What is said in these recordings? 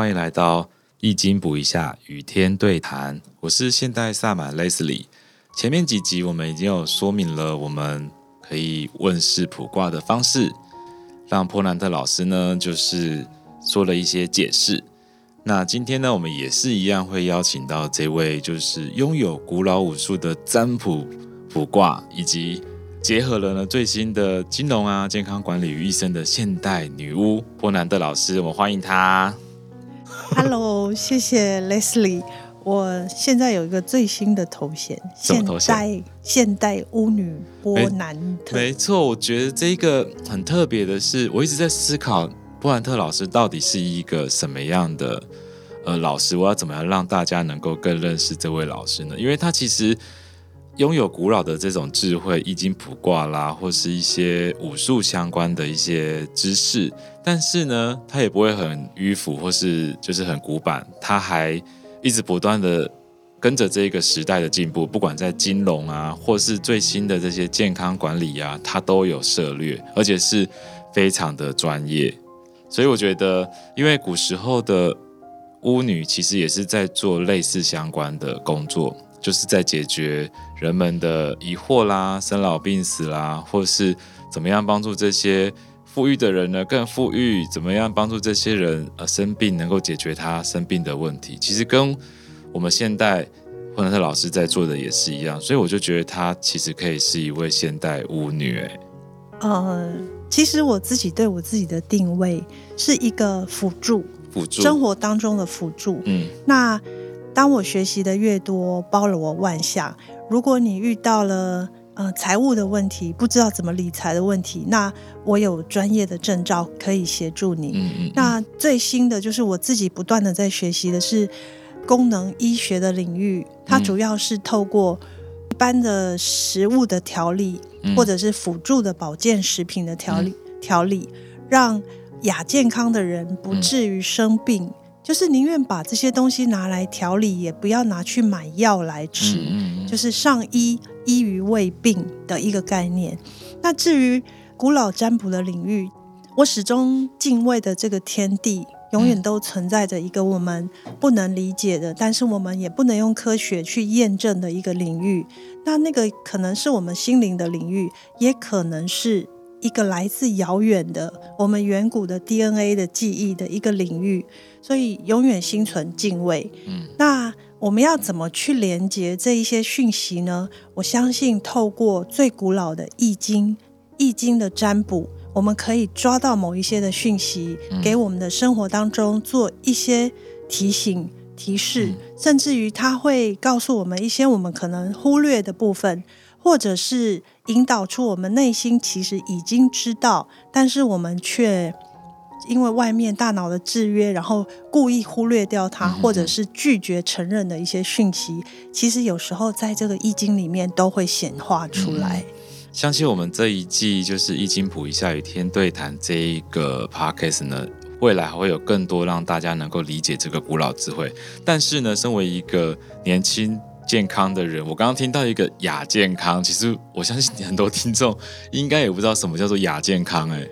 歡迎來到《易經卜一下》與天對談。我是現代薩滿 Leslie。前面幾集我們已經有說明了，我們可以問世卜卦的方式，讓波蘭特老師呢就是做了一些解釋。那今天呢，我們也是一樣會邀請到這位就是擁有古老武術的占卜卜卦，以及結合了呢最新的金融啊、健康管理於一身的現代女巫波蘭特老師。我歡迎她。 Hello，謝謝 Leslie。我現在有一個最新的頭銜，什麼頭銜？現代現代巫女波蘭特沒。沒錯，我覺得這一個很特別的是，我一直在思考波蘭特老師到底是一個什麼樣的呃老師。我要怎麼樣讓大家能夠更認識這位老師呢？因為他其實。擁有古老的這種智慧，易經卜卦啦，或是一些武術相關的一些知識，但是呢，他也不會很迂腐，或是就是很古板，他還一直不斷的跟着這個時代的進步，不管在金融啊，或是最新的這些健康管理啊，他都有涉獵，而且是非常的專業。所以我覺得，因為古時候的巫女其實也是在做類似相關的工作，就是在解決。人們的疑惑啦，生老病死啦，或是怎麼樣幫助這些富裕的人呢？更富裕，怎麼樣幫助這些人？呃，生病能夠解決他生病的問題，其實跟我們現代或者是老師在做的也是一樣。所以我就覺得他其實可以是一位現代巫女。欸。呃，其實我自己對我自己的定位是一個輔助，輔助生活當中的輔助。嗯，那。當我學習的越多，包羅萬象。如果你遇到了呃財務的問題，不知道怎麼理財的問題，那我有專業的證照可以協助你。嗯嗯、那最新的就是我自己不斷的在學習的是功能醫學的領域，嗯、它主要是透過一般的食物的調理，嗯、或者是輔助的保健食品的調理，調理、嗯、讓亞健康的人不至於生病。嗯就是寧願把這些東西拿來調理，也不要拿去買藥來吃。嗯嗯嗯，就是上醫醫於未病的一個概念。那至於古老占卜的領域，我始終敬畏的這個天地，永遠都存在着一個我們不能理解的，嗯、但是我們也不能用科學去驗證的一個領域。那那個可能是我們心靈的領域，也可能是。一個來自遙遠的我們遠古的 DNA 的記憶的一個領域，所以永遠心存敬畏。嗯，那我們要怎麼去連接這一些訊息呢？我相信透過最古老的《易經》，《易經》的占卜，我們可以抓到某一些的訊息，嗯、給我們的生活當中做一些提醒、提示，嗯、甚至於它會告訴我們一些我們可能忽略的部分。或者是引導出我們內心其實已經知道，但是我們卻因為外面大腦的制約，然後故意忽略掉它，或者是拒絕承認的一些訊息。嗯、其實有時候在這個易經裡面都會顯化出來。嗯、相信我們這一季就是《易經卜一下與天對談》這一個 podcast 呢，未來還會有更多讓大家能夠理解這個古老智慧。但是呢，身為一個年輕，健康的人，我剛剛聽到一個亞健康，其實我相信很多聽眾應該也不知道什麼叫做亞健康、欸。哎，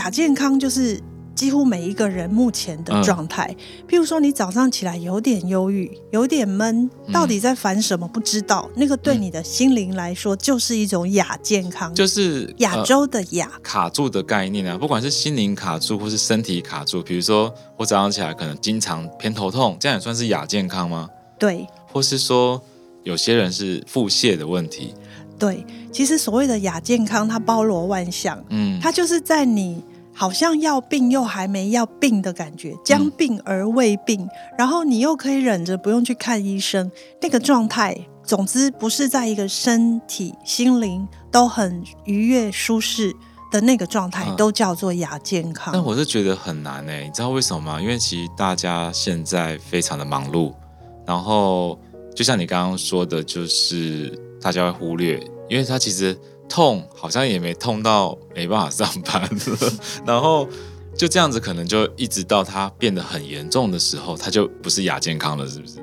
亞健康就是幾乎每一個人目前的狀態。嗯、譬如說，你早上起來有點憂鬱，有點悶，到底在煩什麼？不知道，嗯、那個對你的心靈來說就是一種亞健康，就是、嗯、亞洲的亞、呃、卡住的概念啊。不管是心靈卡住，或是身體卡住。比如說，我早上起來可能經常偏頭痛，這樣也算是亞健康嗎？對。或是說，有些人是腹瀉的問題。對，其實所謂的亞健康，它包羅萬象。嗯，它就是在你好像要病又還沒要病的感覺，將病而未病，嗯、然後你又可以忍着不用去看醫生那個狀態。總之，不是在一個身體、心靈都很愉悅、舒適的那個狀態，啊、都叫做亞健康。那我是覺得很難呢、欸？你知道為什麼嗎？因為其實大家現在非常的忙碌。然後，就像你剛剛說的，就是大家會忽略，因為他其實痛好像也沒痛到沒辦法上班了， 然後就這樣子，可能就一直到他變得很嚴重的時候，他就不是亞健康了，是不是？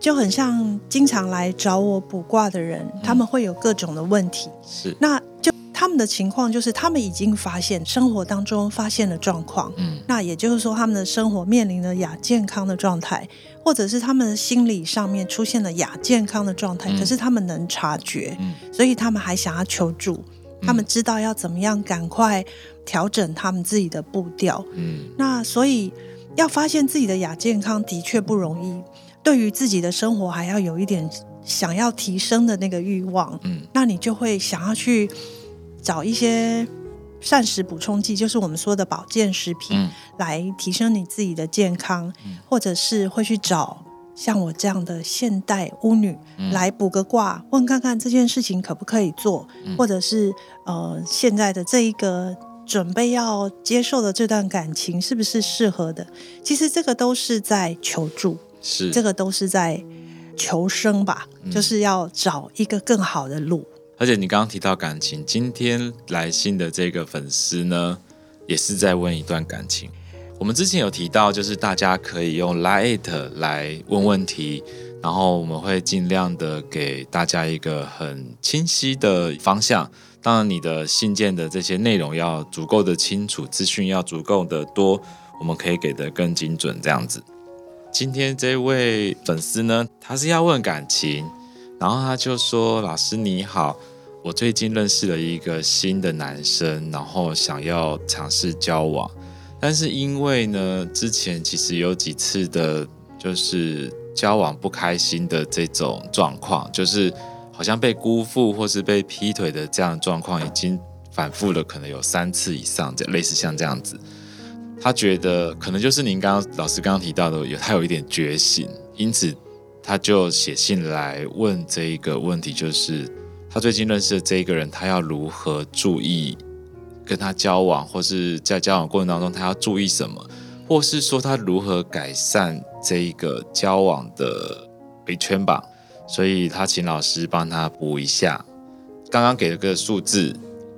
就很像經常來找我卜卦的人，嗯、他們會有各種的問題，是，那就他們的情況就是他們已經發現生活當中發現的狀況，嗯，那也就是說他們的生活面臨着亞健康的狀態。或者是他們心理上面出現了亞健康的狀態，嗯、可是他們能察覺，嗯、所以他們還想要求助，嗯、他們知道要怎麼樣趕快調整他們自己的步調。嗯，那所以要發現自己的亞健康的確不容易，嗯、對於自己的生活還要有一點想要提升的那個慾望。嗯，那你就會想要去找一些。膳食補充劑就是我們說的保健食品，嗯、來提升你自己的健康，嗯、或者是會去找像我這樣的現代巫女、嗯、來卜個卦，問看看這件事情可不可以做，嗯、或者是呃現在的這一個準備要接受的這段感情是不是適合的？其實這個都是在求助，是這個都是在求生吧，嗯、就是要找一個更好的路。而且你剛剛提到感情，今天來信的這個粉絲呢，也是在問一段感情。我們之前有提到，就是大家可以用 Light 來問問題，然後我們會盡量的給大家一個很清晰的方向。當然，你的信件的這些內容要足夠的清楚，資訊要足夠的多，我們可以給的更精準。這樣子，今天這位粉絲呢，他是要問感情，然後他就說：“老師你好。”我最近認識了一個新的男生，然後想要嘗試交往，但是因為呢，之前其實有幾次的，就是交往不開心的這種狀況，就是好像被辜負或是被劈腿的這樣狀況，已經反復了可能有三次以上，這類似像這樣子。他覺得可能就是您剛剛老師剛剛提到的，有他有一點覺醒，因此他就寫信來問這一個問題，就是。他最近認識的這一個人，他要如何注意跟他交往，或是在交往過程當中他要注意什麼，或是說他如何改善這一個交往的被圈吧？所以他請老師幫他卜一下。剛剛給了個數字，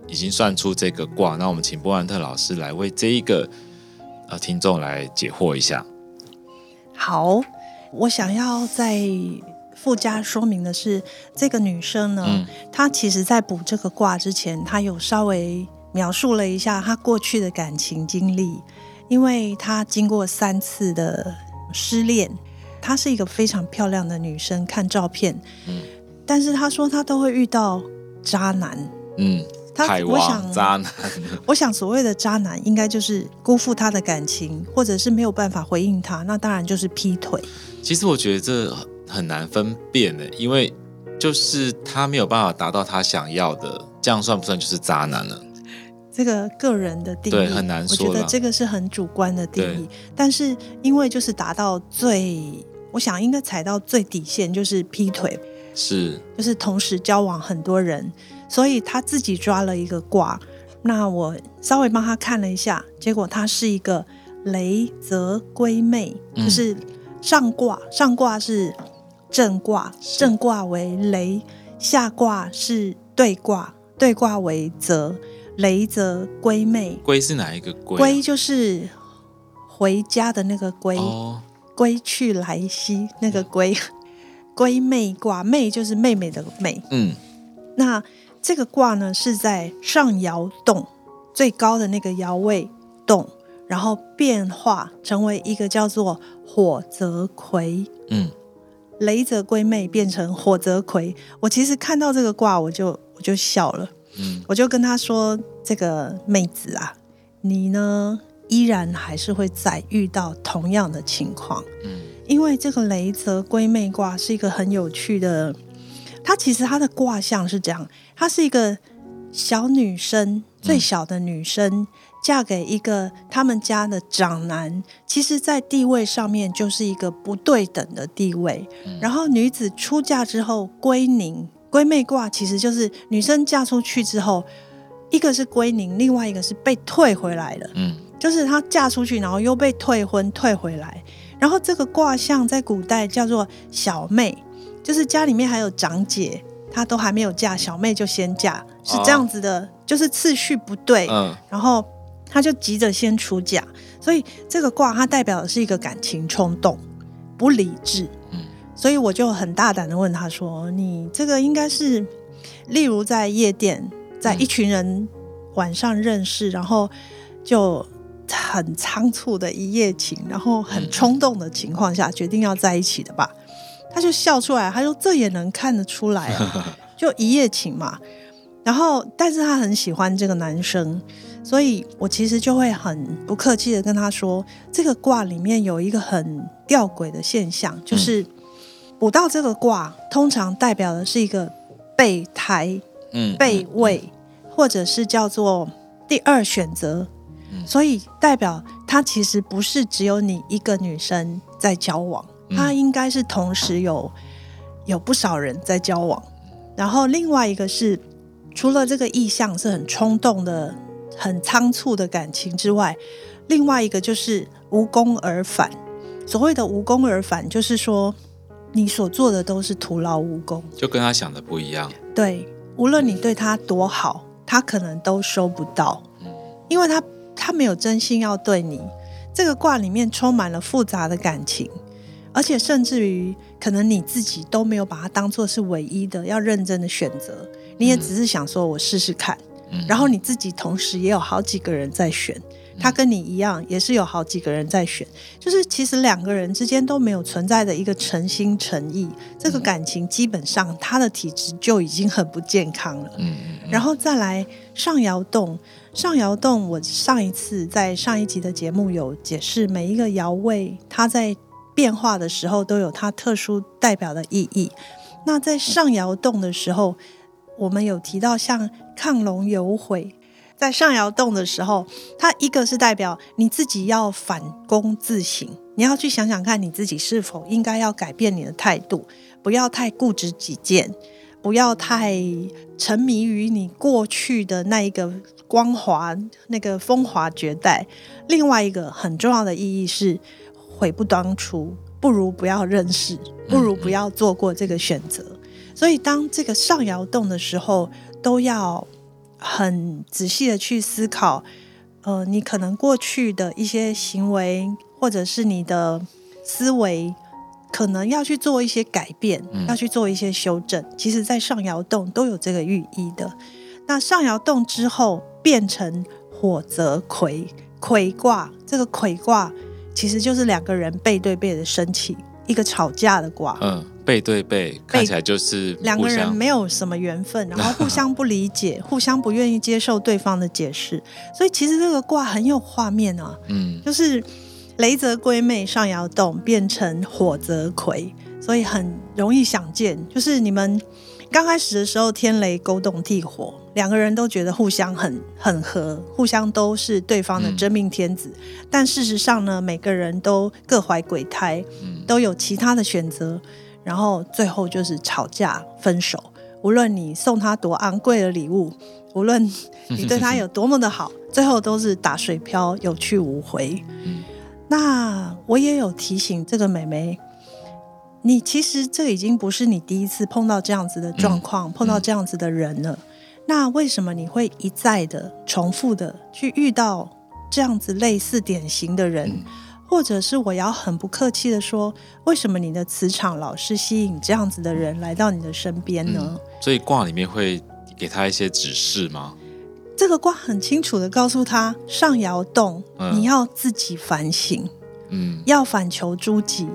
已經算出這個卦。那我們請波蘭特老師來為這一個呃聽眾來解惑一下。好，我想要在。附加說明的是，這個女生呢，嗯、她其實，在卜這個卦之前，她有稍微描述了一下她過去的感情經歷，因為她經過三次的失戀，她是一個非常漂亮的女生，看照片，嗯、但是她說她都會遇到渣男，嗯，她灣我想渣男，我想所謂的渣男，應該就是辜負她的感情，或者是沒有辦法回應她，那當然就是劈腿。其實我覺得這。很難分辨耶，因為就是他沒有辦法達到他想要的，這樣算不算就是渣男了？這個個人的定義很難說，我覺得這個是很主觀的定義。對但是因為就是達到最，我想應該踩到最底線，就是劈腿，是就是同時交往很多人，所以他自己抓了一個卦。那我稍微幫他看了一下，結果他是一個雷澤歸妹，就是上卦，嗯、上卦是。震卦，震卦為雷；下卦是兌卦，兌卦為澤。雷澤歸妹，歸是哪一個歸、啊？歸就是回家的那個歸。歸、哦、去來兮，那個歸。歸、嗯、妹卦，妹就是妹妹的妹。嗯，那這個卦呢，是在上爻動，最高的那個爻位動，然後變化成為一個叫做火澤睽。嗯。雷澤歸妹，變成火澤睽。我其實看到這個卦，我就我就笑了。嗯，我就跟他說：“這個妹子啊，你呢依然還是會再遇到同樣的情況。嗯，因為這個雷澤歸妹卦是一個很有趣的，她其實她的卦象是這樣，她是一個小女生，最小的女生。嗯”嫁給一個他們家的長男，其實在地位上面就是一個不對等的地位。嗯、然後女子出嫁之後歸寧，歸妹卦其實就是女生嫁出去之後，一個是歸寧，另外一個是被退回來了。嗯，就是她嫁出去，然後又被退婚退回來。然後這個卦象，在古代叫做小妹，就是家裡面還有長姐，她都還沒有嫁，小妹就先嫁，是這樣子的，啊、就是次序不對。嗯，然後。他就急着先出價，所以這個卦它代表的是一個感情衝動、不理智。嗯、所以我就很大膽的問他說：“你這個應該是，例如在夜店，在一群人晚上認識，嗯、然後就很倉促的一夜情，然後很衝動的情況下、嗯、決定要在一起的吧？”他就笑出來，他說：“這也能看得出來、啊， 就一夜情嘛。”然後，但是他很喜歡這個男生。所以我其實就會很不客氣的跟他說，這個卦裡面有一個很弔詭的現象，就是卜到這個卦通常代表的是一個備胎、嗯、備位，或者是叫做第二選擇。所以代表他其實不是只有你一個女生在交往，他應該是同時有有不少人在交往。然後另外一個是，除了這個意向是很衝動的。很倉促的感情之外，另外一個就是無功而返。所謂的無功而返，就是說你所做的都是徒勞無功。就跟他想的不一樣。對，無論你對他多好，他可能都收不到，嗯、因為他他沒有真心要對你。這個卦裡面充滿了複雜的感情，而且甚至於可能你自己都沒有把它當作是唯一的，要認真的選擇。你也只是想說，我試試看。嗯然後你自己同時也有好幾個人在選，他跟你一樣也是有好幾個人在選，就是其實兩個人之間都沒有存在的一個誠心誠意，這個感情基本上他的體質就已經很不健康了。然後再來上爻動，上爻動我上一次在上一集的節目有解釋，每一個爻位它在變化的時候都有它特殊代表的意義。那在上爻動的時候，我們有提到像。亢龍有悔，在上爻動的時候，它一個是代表你自己要反躬自省，你要去想想看你自己是否應該要改變你的態度，不要太固執己見，不要太沉迷於你過去的那一個光華、那個風華絕代。另外一個很重要的意義是，悔不當初，不如不要認識，不如不要做過這個選擇。所以，當這個上爻動的時候。都要很仔細的去思考，呃，你可能過去的一些行為或者是你的思維，可能要去做一些改變，嗯、要去做一些修正。其實，在上爻動都有這個寓意的。那上爻動之後變成火澤睽睽卦，這個睽卦其實就是兩個人背對背的生氣，一個吵架的卦。嗯。背對背，背看起來就是兩個人沒有什麼緣分，然後互相不理解， 互相不願意接受對方的解釋，所以其實這個卦很有畫面啊，嗯，就是雷澤歸妹上爻動變成火澤睽。所以很容易想見，就是你們剛開始的時候天雷勾動地火，兩個人都覺得互相很很合，互相都是對方的真命天子，嗯、但事實上呢，每個人都各懷鬼胎，都有其他的選擇。然後最後就是吵架、分手。無論你送他多昂貴的禮物，無論你對他有多麼的好， 最後都是打水漂，有去無回。嗯、那我也有提醒這個美眉，你其實這已經不是你第一次碰到這樣子的狀況，嗯、碰到這樣子的人了。嗯、那為什麼你會一再的重複的去遇到這樣子類似典型的人？嗯或者是我要很不客氣的說，為什麼你的磁場老是吸引這樣子的人來到你的身邊呢、嗯？所以卦裡面會給他一些指示嗎？這個卦很清楚的告訴他，上爻動，嗯、你要自己反省，嗯，要反求諸己，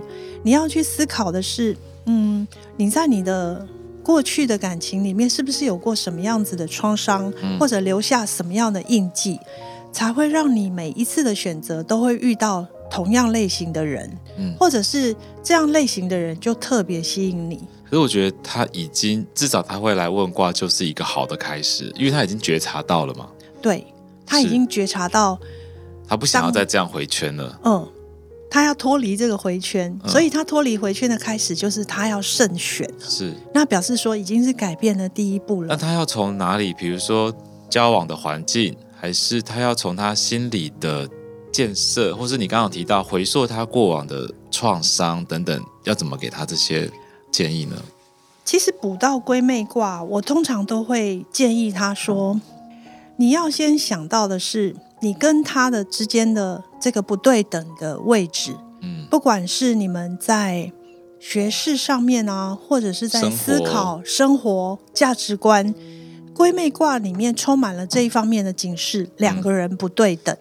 你要去思考的是，嗯，你在你的過去的感情裡面是不是有過什麼樣子的創傷，嗯、或者留下什麼樣的印記，嗯、才會讓你每一次的選擇都會遇到。同樣類型的人，嗯，或者是這樣類型的人就特別吸引你。可是我覺得他已經至少他會來問卦，就是一個好的開始，因為他已經覺察到了嘛。對，他已經覺察到，他不想要再這樣迴圈了。嗯，他要脫離這個迴圈，嗯、所以他脫離迴圈的開始就是他要慎選。是，那表示說已經是改變了第一步了。那他要從哪裡？比如說交往的環境，還是他要從他心裡的？建設，或是你剛剛提到回溯他過往的創傷等等，要怎麼給他這些建議呢？其實卜到歸妹卦，我通常都會建議他說：你要先想到的是，你跟他的之間的這個不對等的位置。嗯，不管是你們在學識上面啊，或者是在思考生活價值觀，歸妹卦裡面充滿了這一方面的警示，兩、嗯、個人不對等。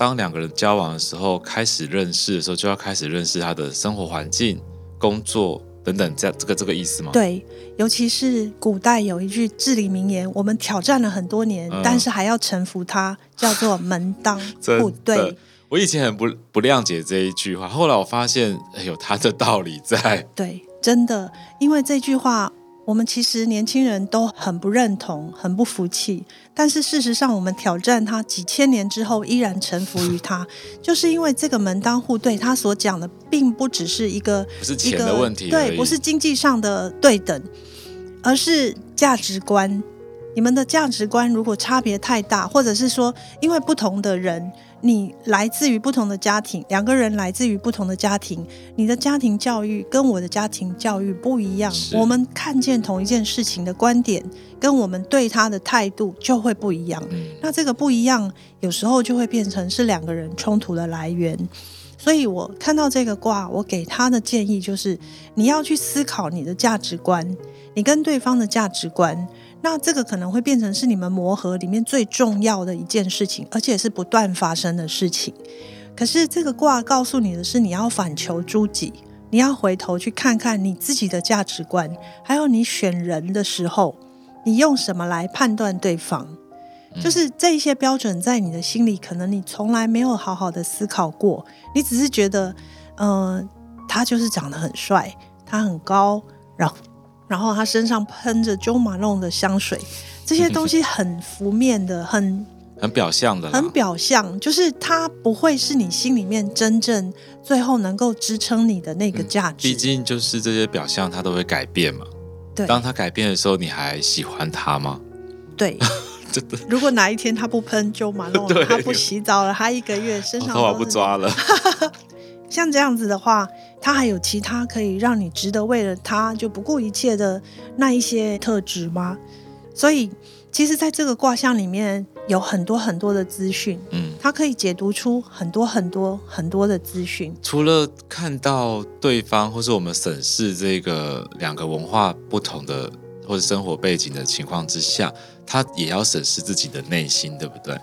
當兩個人交往的時候，開始認識的時候，就要開始認識他的生活環境、工作等等，這樣這個這個意思嗎？對，尤其是古代有一句至理名言，我們挑戰了很多年，嗯，但是還要臣服他，叫做門當戶 的對。我以前很不不諒解這一句話，後來我發現有，哎，他的道理在。對，真的，因為這句話。我們其實年輕人都很不認同，很不服氣。但是事實上，我們挑戰他幾千年之後，依然臣服於他， 就是因為這個門當戶對。他所講的，並不只是一個不是錢的問題一個，對，不是經濟上的對等，而是價值觀。你們的價值觀如果差別太大，或者是說，因為不同的人。你來自於不同的家庭，兩個人來自於不同的家庭，你的家庭教育跟我的家庭教育不一樣。是我們看見同一件事情的觀點，跟我們對他的態度就會不一樣。嗯。那這個不一樣，有時候就會變成是兩個人衝突的來源。所以我看到這個卦，我給他的建議就是：你要去思考你的價值觀，你跟對方的價值觀。那這個可能會變成是你們磨合裡面最重要的一件事情，而且是不斷發生的事情。可是這個卦告訴你的是，你要反求諸己，你要回頭去看看你自己的價值觀，還有你選人的時候，你用什麼來判斷對方，嗯、就是這一些標準在你的心裡，可能你從來沒有好好的思考過，你只是覺得，嗯、呃，他就是長得很帥，他很高，然後。然後他身上噴着 Jo Malone 的香水，這些東西很浮面的， 很很表象的，很表象。就是他不會是你心裡面真正最後能夠支撐你的那個價值。嗯，畢竟就是這些表象，他都會改變嘛。對，當他改變的時候，你還喜歡他嗎？對， 的如果哪一天他不噴 Jo Malone， 對他不洗澡了， 他一個月身上頭髮不抓了， 像這樣子的話。他還有其他可以讓你值得為了他就不顧一切的那一些特質嗎？所以，其實，在這個卦象裡面有很多很多的資訊，嗯，他可以解讀出很多很多很多的資訊。除了看到對方，或是我們審視這個兩個文化不同的或者生活背景的情況之下，他也要審視自己的內心，對不對？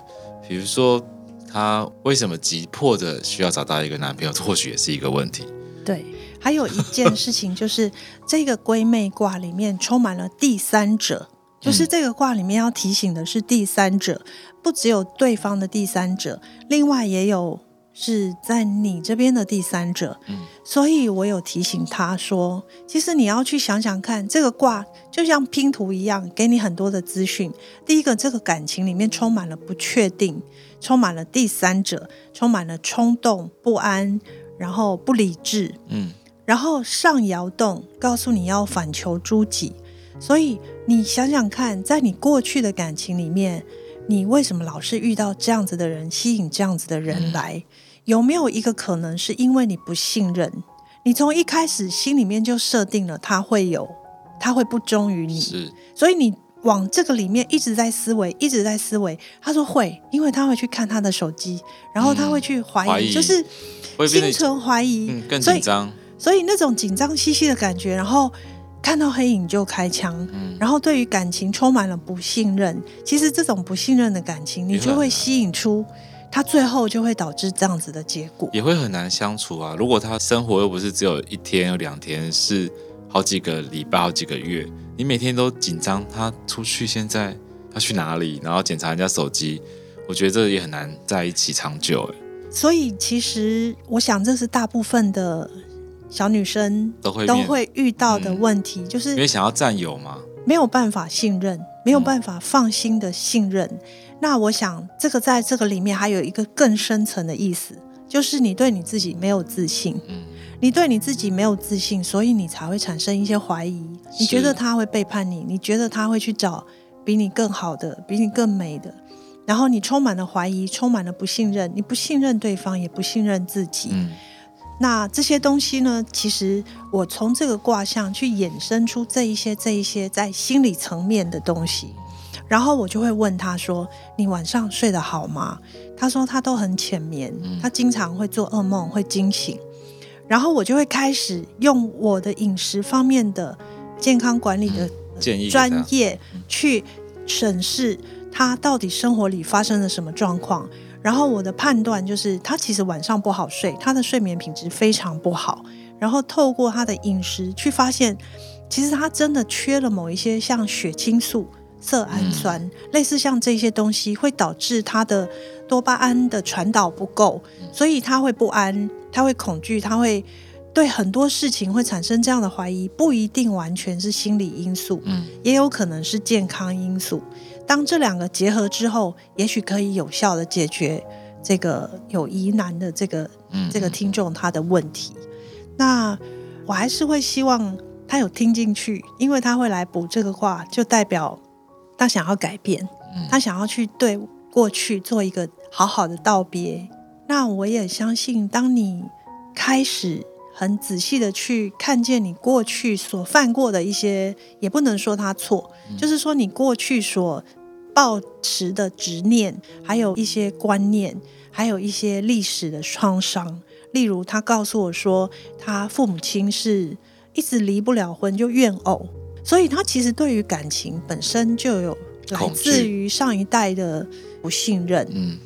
比如說，他為什麼急迫的需要找到一個男朋友，或許也是一個問題。對，還有一件事情就是 這個歸妹卦裡面充滿了第三者，嗯、就是這個卦裡面要提醒的是第三者，不只有對方的第三者，另外也有是在你這邊的第三者。嗯、所以我有提醒他說，其實你要去想想看，這個卦就像拼圖一樣，給你很多的資訊。第一個，這個感情裡面充滿了不確定，充滿了第三者，充滿了衝動不安。然後不理智，嗯，然後上爻動，告訴你要反求諸己。所以你想想看，在你過去的感情裡面，你為什麼老是遇到這樣子的人，吸引這樣子的人來？嗯、有沒有一個可能是因為你不信任？你從一開始心裡面就設定了他會有，他會不忠於你，是所以你。往這個裡面一直在思維，一直在思維。他說會，因為他會去看他的手機，然後他會去懷疑，嗯、懷疑就是心存懷疑，嗯、更緊張，所以那種緊張兮兮的感覺，然後看到黑影就開槍，嗯、然後對於感情充滿了不信任。嗯、其實這種不信任的感情，你就會吸引出他，最後就會導致這樣子的結果，也會很難相處啊。如果他生活又不是只有一天或兩天，是，好幾個禮拜、好幾個月，你每天都緊張，他出去現在他去哪裡，然後檢查人家手機，我覺得這也很難在一起長久。哎，所以其實我想，這是大部分的小女生都會都會遇到的問題，嗯、就是因為想要占有嗎？沒有辦法信任，沒有辦法放心的信任。嗯、那我想，這個在這個裡面還有一個更深層的意思，就是你對你自己沒有自信。嗯。你對你自己沒有自信，嗯、所以你才會產生一些懷疑。是你覺得他會背叛你，你覺得他會去找比你更好的、比你更美的，然後你充滿了懷疑，充滿了不信任。你不信任對方，也不信任自己。嗯、那這些東西呢？其實我從這個卦象去衍生出這一些、這一些在心理層面的東西，然後我就會問他說：“你晚上睡得好嗎？”他說：“他都很淺眠，嗯、他經常會做噩夢，會驚醒。”然後我就會開始用我的飲食方面的健康管理的專業去審視他到底生活裡發生了什麼狀況。然後我的判斷就是，他其實晚上不好睡，他的睡眠品質非常不好。然後透過他的飲食去發現，其實他真的缺了某一些像血清素。色胺酸類似像這些東西會導致他的多巴胺的傳導不夠，所以他會不安，他會恐懼，他會對很多事情會產生這樣的懷疑，不一定完全是心理因素，嗯，也有可能是健康因素。當這兩個結合之後，也許可以有效的解決這個有疑難的這個這個聽眾他的問題。那我還是會希望他有聽進去，因為他會來卜這個卦，就代表。他想要改變，他、嗯、想要去對過去做一個好好的道別。那我也相信，當你開始很仔細的去看見你過去所犯過的一些，也不能說他錯，嗯、就是說你過去所抱持的執念，還有一些觀念，還有一些歷史的創傷。例如，他告訴我說，他父母親是一直離不了婚，就怨偶。所以，他其實對於感情本身就有來自於上一代的不信任，嗯，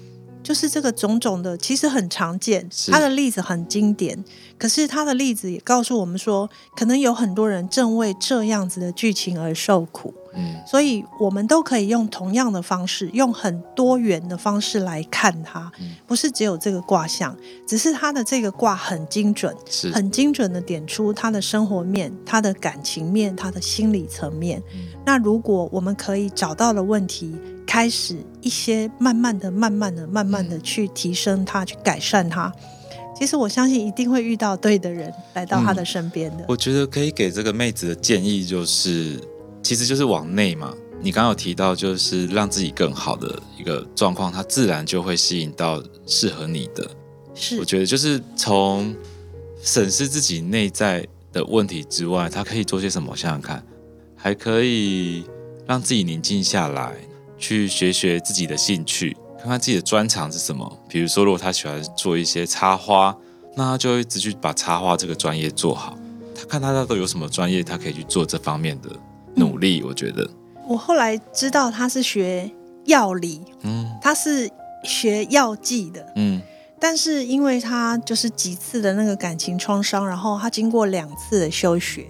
就是這個種種的，其實很常見。是他的例子很經典，可是他的例子也告訴我們說，可能有很多人正為這樣子的劇情而受苦。嗯，所以我們都可以用同樣的方式，用很多元的方式來看他。嗯，不是只有這個卦象，只是他的這個卦很精準，是，很精準的點出他的生活面、他的感情面、他的心理層面。嗯，那如果我們可以找到了問題，開始一些慢慢的、慢慢的、慢慢的去提升他，嗯，去改善他。其實我相信一定會遇到對的人來到他的身邊的。我覺得可以給這個妹子的建議就是。其實就是往內嘛，你剛剛有提到，就是讓自己更好的一個狀況，他自然就會吸引到適合你的。是，我覺得就是從審視自己內在的問題之外，他可以做些什麼？我想想看，還可以讓自己寧靜下來，去學學自己的興趣，看看自己的專長是什麼。比如說，如果他喜歡做一些插花，那他就會一直去把插花這個專業做好。他看他都有什麼專業，他可以去做這方面的努力，我覺得。我後來知道他是學藥理，嗯，他是學藥劑的，嗯。但是因為他就是幾次的那個感情創傷，然後他經過兩次的休學。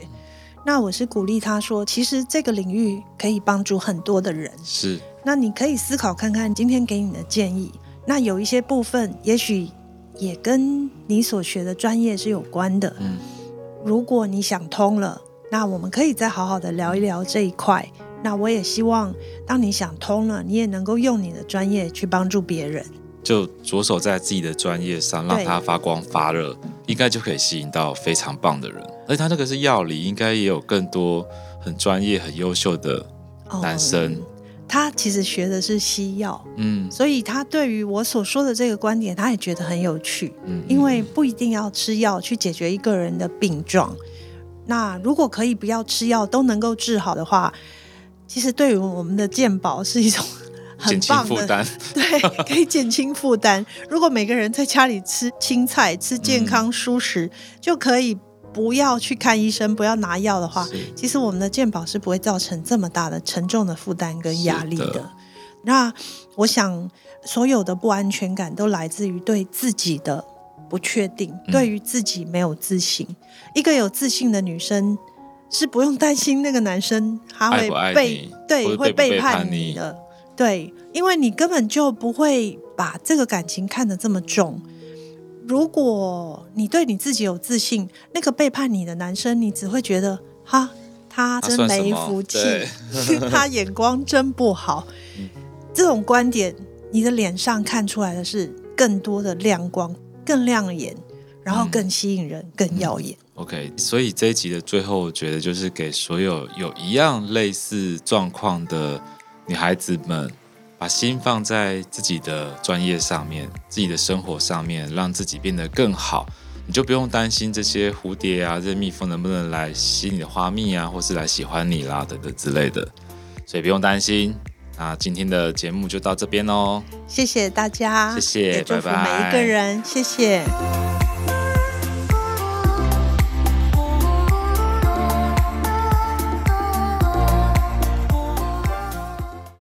那我是鼓勵他說，其實這個領域可以幫助很多的人。是。那你可以思考看看，今天給你的建議，那有一些部分也許也跟你所學的專業是有關的。嗯。如果你想通了。那我們可以再好好的聊一聊這一塊。那我也希望，當你想通了，你也能夠用你的專業去幫助別人，就着手在自己的專業上讓它發光發熱，對應該就可以吸引到非常棒的人。而他那個是藥理，應該也有更多很專業、很優秀的男生。哦，他其實學的是西藥，嗯，所以他對於我所說的這個觀點，他也覺得很有趣。嗯，嗯，因為不一定要吃藥去解決一個人的病狀。那如果可以不要吃藥都能夠治好的話，其實對於我們的健保是一種很棒的負擔，對，可以減輕負擔。 如果每個人在家裡吃青菜、吃健康蔬食，嗯、就可以不要去看醫生、不要拿藥的話，是其實我們的健保是不會造成這麼大的沉重的負擔跟壓力的。的那我想，所有的不安全感都來自於對自己的。不確定，對於自己沒有自信，嗯、一個有自信的女生是不用擔心那個男生，他會被愛愛，對，會背叛你的，對，因為你根本就不會把這個感情看得這麼重。嗯、如果你對你自己有自信，那個背叛你的男生，你只會覺得哈，他真沒福氣，他， 他眼光真不好。嗯、這種觀點，你的臉上看出來的是更多的亮光。更亮眼，然後更吸引人，嗯、更耀眼、嗯。OK，所以這一集的最後，我覺得就是給所有有一樣類似狀況的女孩子們，把心放在自己的專業上面，自己的生活上面，讓自己變得更好。你就不用擔心這些蝴蝶啊、這些蜜蜂能不能來吸你的花蜜啊，或是來喜歡你啦、等等之類的。所以不用擔心。那今天的節目就到這邊嘍，哦，謝謝大家，謝謝，拜拜，祝福每一個人，拜拜謝謝。